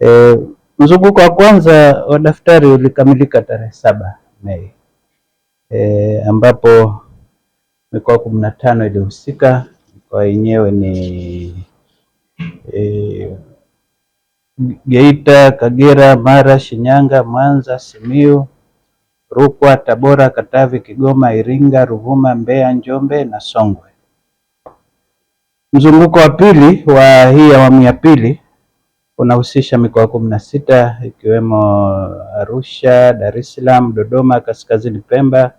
E, mzunguko wa kwanza wa daftari ulikamilika tarehe saba Mei e, ambapo mikoa kumi na tano ilihusika. Mikoa yenyewe ni e, Geita, Kagera, Mara, Shinyanga, Mwanza, Simiu, Rukwa, Tabora, Katavi, Kigoma, Iringa, Ruvuma, Mbeya, Njombe na Songwe. Mzunguko wa pili wa hii awamu ya pili unahusisha mikoa kumi na sita ikiwemo Arusha, Dar es Salaam, Dodoma, Kaskazini Pemba,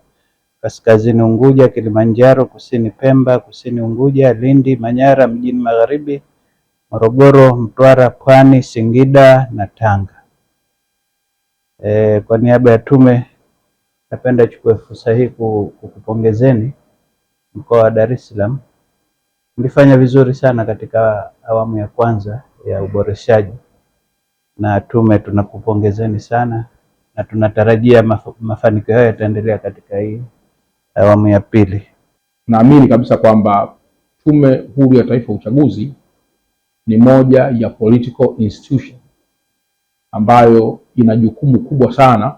Kaskazini Unguja, Kilimanjaro, Kusini Pemba, Kusini Unguja, Lindi, Manyara mjini Magharibi, Morogoro, Mtwara, Pwani, Singida na Tanga. E, kwa niaba ya tume napenda chukue fursa hii kukupongezeni mkoa wa Dar es Salaam. Mlifanya vizuri sana katika awamu ya kwanza ya uboreshaji, na tume tunakupongezeni sana na tunatarajia maf mafanikio hayo yataendelea katika hii awamu ya pili. Naamini kabisa kwamba Tume Huru ya Taifa ya Uchaguzi ni moja ya political institution ambayo ina jukumu kubwa sana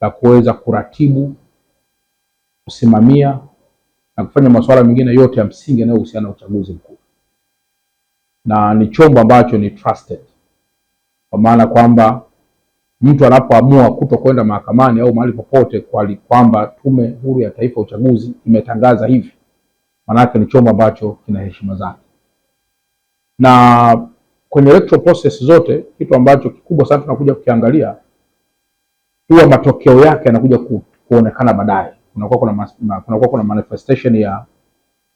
la kuweza kuratibu, kusimamia na kufanya masuala mengine yote ya msingi yanayohusiana na uchaguzi mkuu na ni chombo ambacho ni trusted, kwa maana kwamba mtu anapoamua kuto kwenda mahakamani au mahali popote kwamba Tume Huru ya Taifa ya Uchaguzi imetangaza hivi, maanake ni chombo ambacho kina heshima zake. Na kwenye electoral process zote, kitu ambacho kikubwa sana tunakuja kukiangalia huwa matokeo yake yanakuja ku, kuonekana baadaye. Kunakuwa kuna, kuna, kuna manifestation ya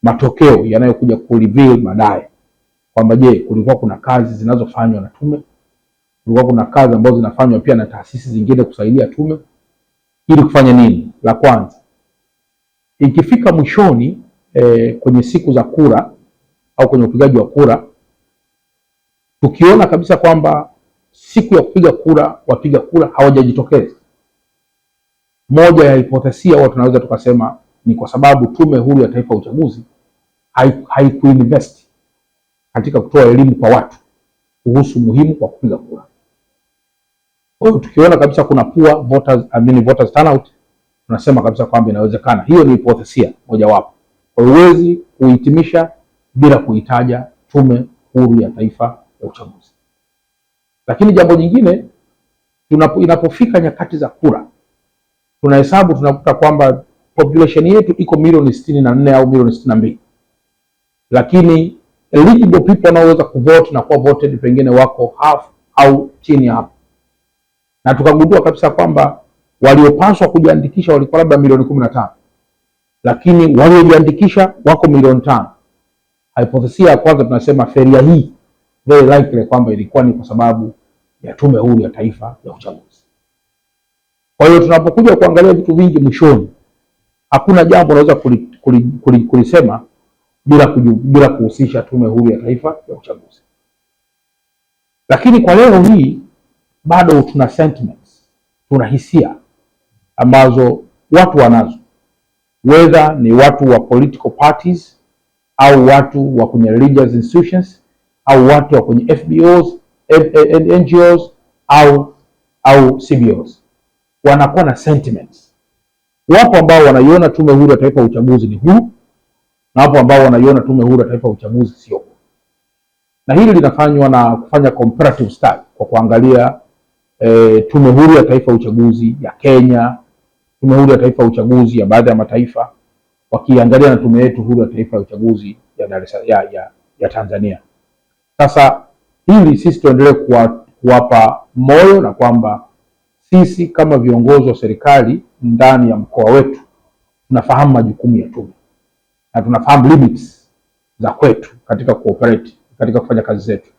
matokeo yanayokuja ku reveal baadaye kwamba je, kulikuwa kuna kazi zinazofanywa na tume, kulikuwa kuna kazi ambazo zinafanywa pia na taasisi zingine kusaidia tume ili kufanya nini? La kwanza, ikifika mwishoni e, kwenye siku za kura au kwenye upigaji wa kura, tukiona kabisa kwamba siku ya kupiga kura wapiga kura hawajajitokeza, moja ya hipotesia huwa tunaweza tukasema ni kwa sababu Tume Huru ya Taifa ya Uchaguzi haiku hai invest katika kutoa elimu kwa watu kuhusu muhimu kwa kupiga kura. Kwa hiyo tukiona kabisa kuna poor voters, I mean voters turnout, tunasema kabisa kwamba inawezekana. Hiyo ni hipothesia mojawapo. Kwa hiyo huwezi kuhitimisha bila kuitaja Tume Huru ya Taifa ya Uchaguzi. Lakini jambo jingine, inapofika nyakati za kura, tunahesabu tunakuta kwamba population yetu iko milioni sitini na nne au milioni sitini na mbili lakini eligible people wanaoweza kuvote na kuwa voted pengine wako half au chini hapo, na tukagundua kabisa kwamba waliopaswa kujiandikisha walikuwa labda milioni kumi na tano lakini waliojiandikisha wako milioni tano. Hypothesis ya kwanza tunasema feria hii very likely kwamba ilikuwa ni kwa sababu ya Tume Huru ya Taifa ya Uchaguzi. Kwa hiyo tunapokuja kuangalia vitu vingi mwishoni, hakuna jambo unaweza kulisema bila bila kuhusisha Tume Huru ya Taifa ya Uchaguzi. Lakini kwa leo hii bado tuna sentiments, tuna hisia ambazo watu wanazo, whether ni watu wa political parties au watu wa kwenye religious institutions au watu wa kwenye FBOs, NGOs au au CBOs wanakuwa na sentiments. Wapo ambao wanaiona Tume Huru ya Taifa ya Uchaguzi ni huu na hapo ambao wanaiona Tume Huru ya Taifa ya Uchaguzi sio, na hili linafanywa na kufanya comparative study kwa kuangalia e, Tume Huru ya Taifa ya Uchaguzi ya Kenya, Tume Huru ya Taifa ya Uchaguzi ya baadhi ya mataifa, wakiangalia na tume yetu huru ya taifa ya uchaguzi ya Dar es Salaam ya, ya, ya Tanzania. Sasa hili sisi tuendelee kuwapa moyo na kwamba sisi kama viongozi wa serikali ndani ya mkoa wetu tunafahamu majukumu ya tume na tunafahamu limits za kwetu katika kuoperate, katika kufanya kazi zetu.